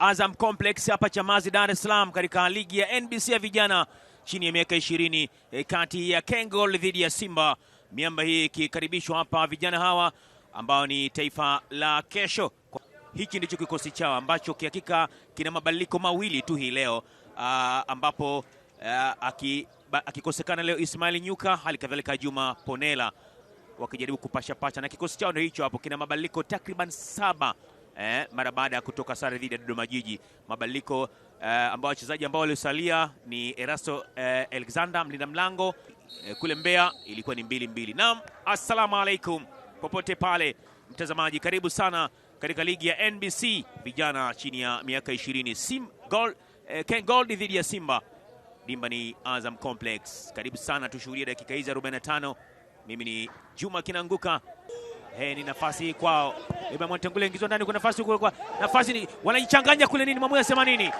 Azam Complex hapa Chamazi, Dar es Salaam, katika ligi ya NBC ya vijana chini ya miaka 20 eh, kati ya Kengol dhidi ya Simba. Miamba hii ikikaribishwa hapa vijana hawa ambao ni taifa la kesho. Hiki ndicho kikosi chao ambacho kihakika kina mabadiliko mawili tu hii leo aa, ah, ambapo ah, akikosekana akikosekana leo Ismail Nyuka, hali kadhalika Juma Ponela wakijaribu kupashapasha na kikosi chao ndio hicho hapo, kina mabadiliko takriban saba eh, mara baada ya kutoka sare dhidi ya Dodoma Jiji. Mabadiliko eh, ambao wachezaji ambao waliosalia ni Erasto eh, Alexander mlinda mlango eh, kule Mbeya ilikuwa ni mbili mbili. Naam, assalamu alaikum popote pale mtazamaji, karibu sana katika ligi ya NBC vijana chini ya miaka 20 Sim Gold eh, Ken Gold dhidi ya Simba dimba ni Azam Complex. Karibu sana tushuhudie dakika hizi 45. Mimi ni Juma Kinanguka. Hey, ni nafasi hii kwao. Ibrahim Tengule ingizwa ndani, kwa nafasi kule kwa nafasi ni wanajichanganya kule nini, Mamuya anasema nini?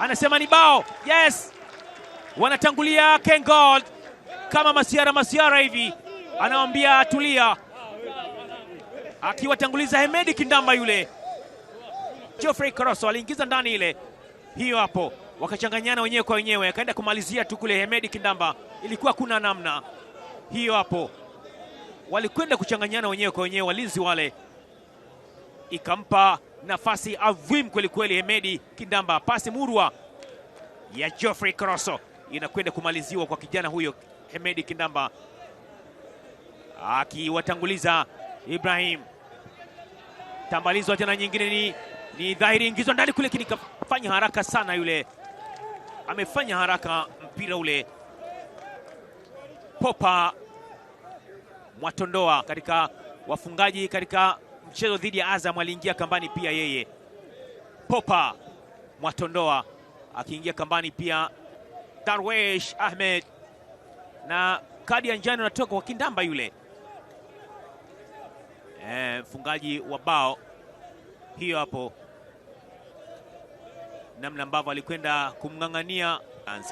Anasema ni bao. Yes. Wanatangulia Ken Gold kama masiara masiara hivi. Anawambia tulia. Akiwatanguliza Hemedi Kindamba yule. Geoffrey Karoso aliingiza ndani ile. Hiyo hapo. Wakachanganyana wenyewe kwa wenyewe, akaenda kumalizia tu kule Hemedi Kindamba. Ilikuwa kuna namna. Hiyo hapo walikwenda kuchanganyana wenyewe kwa wenyewe, walinzi wale, ikampa nafasi avim kweli kweli. Hemedi Kindamba, pasi murwa ya Geoffrey Coroso inakwenda kumaliziwa kwa kijana huyo Hemedi Kindamba akiwatanguliza Ibrahim. Tambalizwa tena nyingine, ni, ni dhahiri ingizwa ndani kule, kafanya haraka sana yule, amefanya haraka mpira ule popa Mwatondoa katika wafungaji katika mchezo dhidi ya Azam aliingia kambani pia yeye. Popa Mwatondoa akiingia kambani pia Darwesh Ahmed, na kadi ya njano inatoka kwa Kindamba yule eh, mfungaji e, wa bao hiyo hapo namna ambavyo alikwenda kumng'ang'ania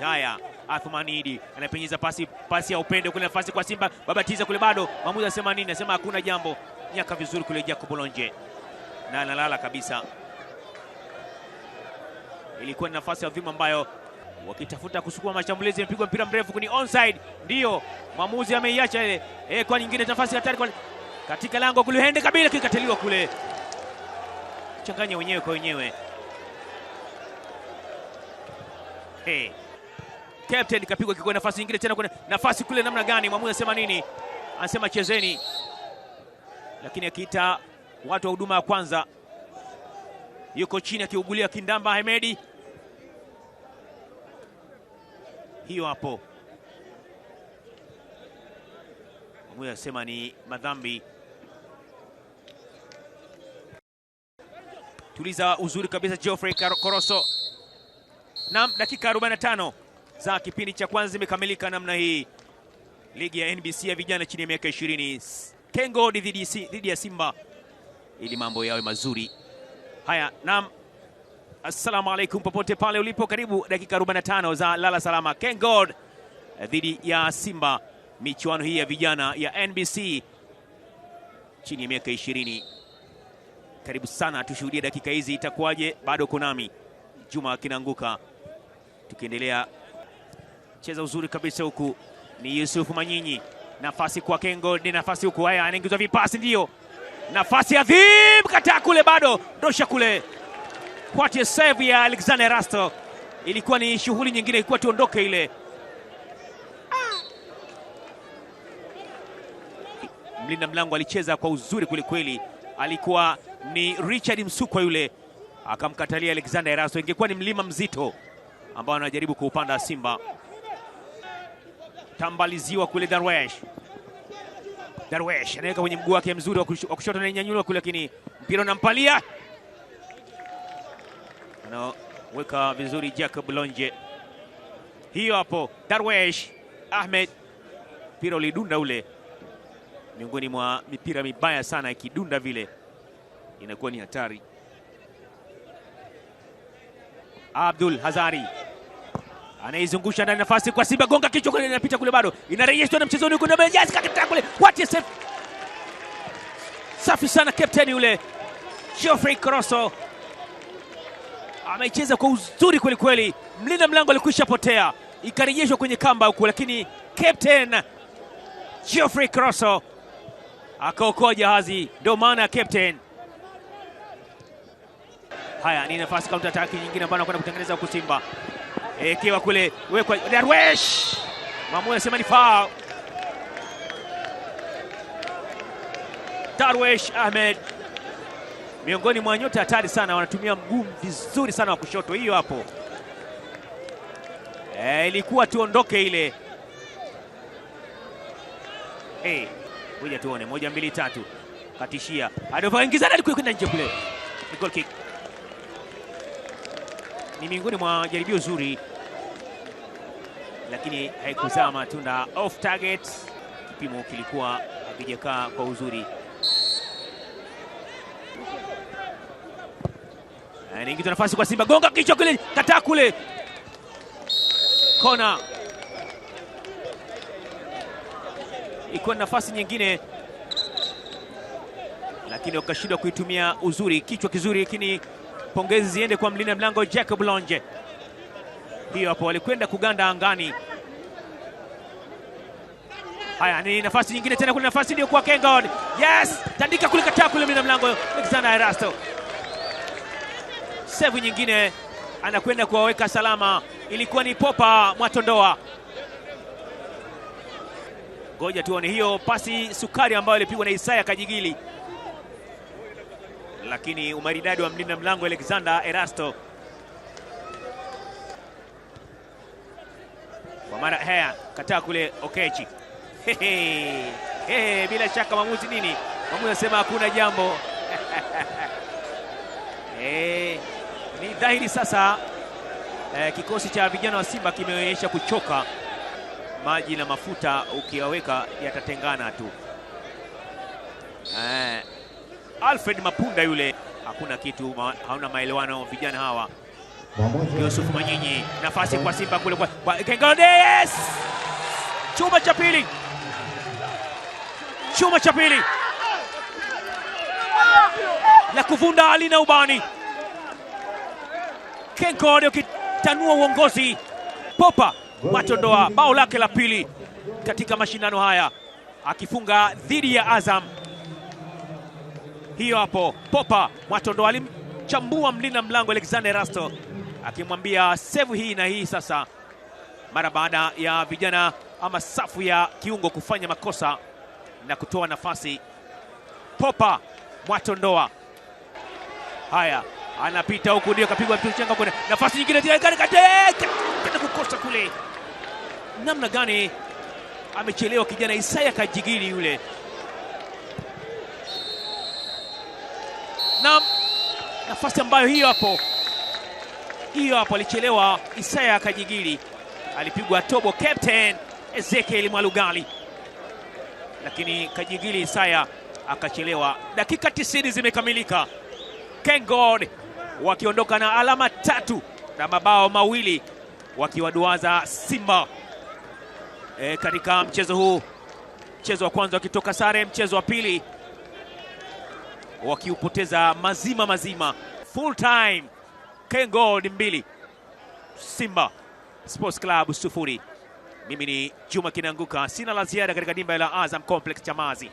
haya. Athman Idi anapenyeza pasi, pasi ya upendo kule, nafasi kwa Simba babatiza kule, bado mwamuzi asema nini? Anasema hakuna jambo, nyaka vizuri kule Jacob Lonje na analala kabisa. Ilikuwa ni nafasi ya vima ambayo wakitafuta kusukuma mashambulizi, imepigwa mpira mrefu kuni onside, ndiyo mwamuzi ameiacha ile Eh, kwa nyingine nafasi hatari kwa katika lango kule, hende kabila kikateliwa kule, changanya wenyewe kwa wenyewe. Hey. Captain kapigwa kiko nafasi nyingine tena kwenye nafasi kule namna gani? Mwamuzi anasema nini? Anasema chezeni. Lakini akiita watu wa huduma ya kwanza. Yuko chini akiugulia kindamba Hemedi. Hiyo hapo. Mwamuzi anasema ni madhambi. Tuliza uzuri kabisa Geoffrey Koroso. Naam, dakika 45 za kipindi cha kwanza zimekamilika namna hii. Ligi ya NBC ya vijana chini ya miaka 20 Kengo dhidi ya Simba ili mambo yawe mazuri. Haya, naam. Assalamu alaikum popote pale ulipo, karibu dakika 45 za lala salama. Kengod dhidi ya Simba, michuano hii ya vijana ya NBC chini ya miaka 20. Karibu sana tushuhudie dakika hizi itakuwaje. Bado kunami Juma kinaanguka tukiendelea cheza uzuri kabisa huku ni Yusufu Manyinyi, nafasi kwa Kengo, ni nafasi huku. Haya, anaingizwa vipasi, ndiyo nafasi adhimu, kataa kule, bado ndosha kule. What save ya Alexander Rasto! Ilikuwa ni shughuli nyingine, ilikuwa tuondoke ile. Mlinda mlango alicheza kwa uzuri kwelikweli, alikuwa ni Richard Msukwa yule, akamkatalia Alexander Rasto. Ingekuwa ni mlima mzito ambao anajaribu kuupanda Simba. Tambaliziwa kule Darwesh. Darwesh anaweka kwenye mguu wake mzuri wa kushoto na nyanyuliwa kule, lakini mpira unampalia. Anaweka vizuri Jacob Lonje. Hiyo hapo Darwesh Ahmed, mpira ulidunda ule, miongoni mwa mipira mibaya sana, ikidunda vile inakuwa ni hatari. Abdul Hazari anaizungusha ndani, nafasi kwa Simba, gonga kichwa kule, inapita kule, bado inarejeshwa na mchezoni huko, ndio kule, what is save! Safi sana captain yule Geoffrey Crosso ameicheza kwa uzuri kweli kweli, mlinda mlango alikwisha potea, ikarejeshwa kwenye kamba huku, lakini captain Geoffrey Crosso akaokoa jahazi, ndio maana ya captain. Haya ni nafasi counter attack nyingine ambayo anakwenda kutengeneza huku Simba ekewa eh, kule wekwa Darwesh, mamu anasema ni foul. Darwesh Ahmed miongoni mwa nyota hatari sana, wanatumia mguu vizuri sana wa kushoto. Hiyo hapo e, ilikuwa tuondoke ile hey. Eh, Kuja tuone moja mbili tatu, katishia Adova ingizana, kwenda nje kule, goal kick ni miongoni mwa jaribio zuri, lakini haikuzaa matunda, off target, kipimo kilikuwa hakijakaa kwa uzuri. Anaingiza eh, nafasi kwa Simba, gonga kichwa kile, kataa kule, kona ikiwa na nafasi nyingine lakini wakashindwa kuitumia uzuri. Kichwa kizuri lakini pongezi ziende kwa mlinda mlango Jacob Lonje. Hiyo hapo walikwenda kuganda angani. Haya, ni nafasi nyingine tena, kule nafasi ndio kwa Kengod. Yes, tandika kule, kataa kule, mlinda mlango Alexander Erasto. Sevu nyingine anakwenda kuwaweka salama, ilikuwa ni Popa Mwatondoa. Ngoja tuone hiyo pasi sukari ambayo ilipigwa na Isaya Kajigili lakini umaridadi wa mlinda mlango Alexander Erasto kwa mara haya kataa kule Okechi. hey, hey, bila shaka mwamuzi nini, mwamuzi anasema hakuna jambo Hey, ni dhahiri sasa eh, kikosi cha vijana wa Simba kimeonyesha kuchoka. Maji na mafuta ukiyaweka yatatengana tu eh, Alfred Mapunda yule, hakuna kitu ma, hauna maelewano vijana hawa. Yusuf Manyinyi, nafasi kwa Simba kule kwa, kwa Kengode, yes! Chuma cha pili, chuma cha pili la kuvunda alina ubani. Kengode ukitanua uongozi. Popa Matondoa bao lake la pili katika mashindano haya akifunga dhidi ya Azam hiyo hapo. Popa Mwatondo alimchambua mlinda mlango Alexander Rasto akimwambia sevu hii na hii sasa, mara baada ya vijana ama safu ya kiungo kufanya makosa na kutoa nafasi. Popa Mwatondoa haya anapita huku, ndio kapigwa changa kule, nafasi nyingine tena kukosa kule. Namna gani amechelewa kijana Isaya kajigili yule. na nafasi ambayo hiyo hapo hiyo hapo alichelewa Isaya kajigili alipigwa tobo captain Ezekiel Mwalugali, lakini kajigili Isaya akachelewa. Dakika 90 zimekamilika, Kengod wakiondoka na alama tatu na mabao mawili wakiwaduaza Simba e, katika mchezo huu. Mchezo wa kwanza wakitoka sare, mchezo wa pili wakiupoteza mazima mazima. Full time Kengo ni mbili, Simba Sports Club sufuri. Mimi ni Juma Kinaanguka, sina la ziada katika dimba la Azam Complex Chamazi.